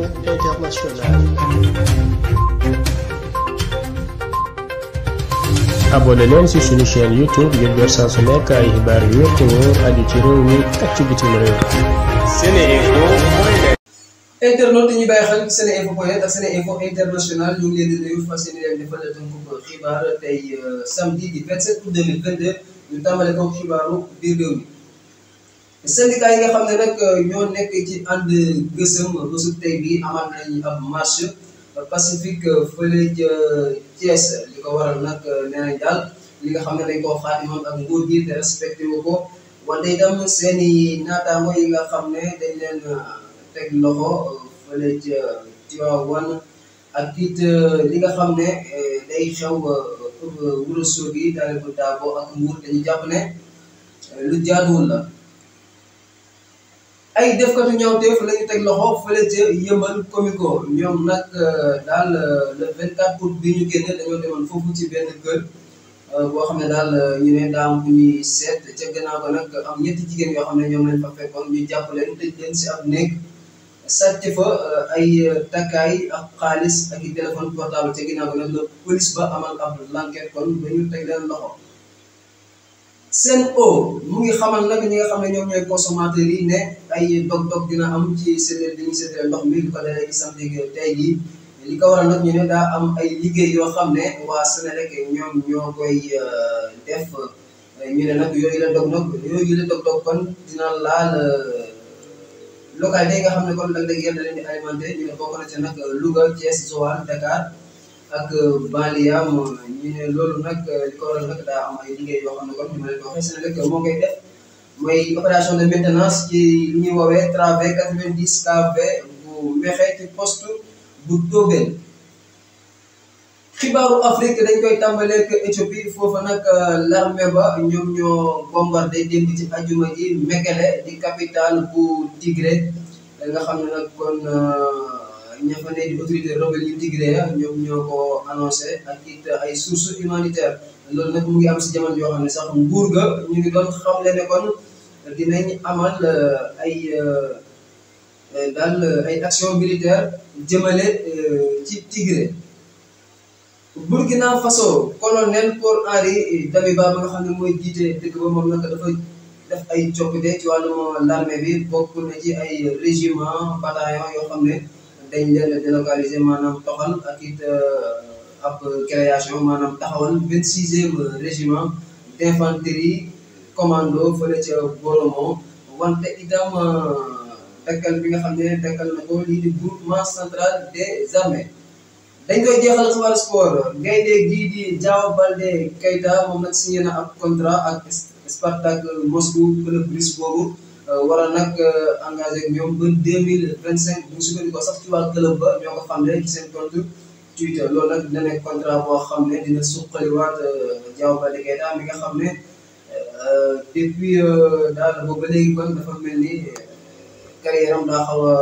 moyens internationaux. abonné leen ci suñu chaîne YouTube ngir jot saa su xibaar yu wér te wóor ci réew mi ak ci bitim réew. internet dañuy bàyyi xel ci Seneinfo point net ak Seneinfo international ñu ngi leen di nuyu fas yéene leen defal leen xibaar tey euh, samedi di 27 août 2022 ñu tàmbale ko xibaaru biir réew mi. syndicat yi nga xam ne nag euh, ñoo nekk ci ànd gësëm bësub tey bi amal nañ ab marche pacifique euh, fële ca euh, Thiès ko waral nag nee daal li nga xam ne dañ koo ak nguur gi te respecté wu ko wante itam seen i yi nga xam ne dañ leen teg loxo fële ca Tivaouane ak it li ga xam ne day xew pour Wourossogui daal ko daaboo ak nguur dañu jàpp ne lu jaaduwul la ay defkatu ñaawteef la ñu teg loxo fële ca yëmbal comico ñoom nag euh, daal euh, le 24 août bi ñu génne dañoo demoon foofu ci benn kër euh, boo xam ne daal ñu ne daam ku seet ca gannaaw ko nag am ñetti jigéen yoo xam ne ñoom lañ fa fekkoon ñu jàpp leen tëj leen si ab néeg sàcc fa ay takkaay ak xaalis ak i téléphone portable ca ko nag la teg leen loxo. seen o mu ngi xamal nag ñi nga xam ne ñoom ñooy consommateur ne ay dog-dog dina am ci séddale dañuy séddale ndox mi lu ko dalee tey jii li ko waral nag ñu am ay liggéey yoo xam ne waa rek ñoom ñoo koy euh, def ñu ne nag yooyu la dog-dog yooyu la dog-dog kon dina laal euh, localité yi nga xam ne kon nag léegi yéen da leen di alimenté ñu ne bokk na ci nag Louga Thiès Joal Dakar. ak Baliya moom ñu ne loolu nag li ko waral nag daa am liggéey yoo xam ne comme ni ma ko waxee Senelec moo koy def mooy opération de maintenance ci li ñuy woowee TRAV 90 KV bu Mekhe ci poste bu Dobel. xibaaru Afrique dañ koy tàmbaleeg Éthiopie foofu nag euh, l'armée ba ñoom ñoo bombardé démb ci ajuma ji Mekele di capitale bu Tigré nga xam ne nag kon. Euh, ña fa di autorité rebelle yu Tigré ñoom ñoo ko annoncé ak it ay sources humanitaires loolu nag mu ngi am si jamono yoo xam ne sax nguur ga ñu ngi doon xamle ne kon dinañ amal eh, ay eh, eh, daal ay militaire jëmale ci Tigré Burkina Faso colonel Paul Henri Damiba ba nga xam ne mooy jiite dëkk ba moom nag dafa def ay coppite ci wàllum l'armée bi bokk na ci ay régiment bataillon yoo xam ne dañ leen délocaliser maanaam toxal ak it euh, ab création maanaam taxawal vingt sixième régiment d' commando fële ca Boromo wante itam euh, bi nga xam ne dakkal na ko di groupement central des armées dañ koy jeexal xibaar sport gaynde gii di Diao Baldé Keita moom nag contrat ak Spartak Moscou club russe boobu. Euh, waral nag euh, engagé ak ñoom ba deux mille vingt cinq bu ñu sukkandikoo sax ci waa club ba ñoo ko xam ne ci seen compte Twitter loolu nag dina nekk contrat boo xam ne dina suqaliwaat euh, Diao Baldé a mi nga xam ne depuis daal boobu ba léegi kon dafa mel ni carrière am daa xaw a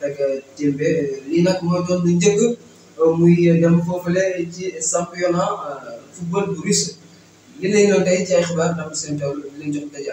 teg jëmbe lii mooy doon lu njëkk muy dem foofule ci championnat football bu russe li lay doon tey ci ay xibaar ndax seen taw li leen jox daje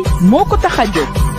moo ko tax a jóg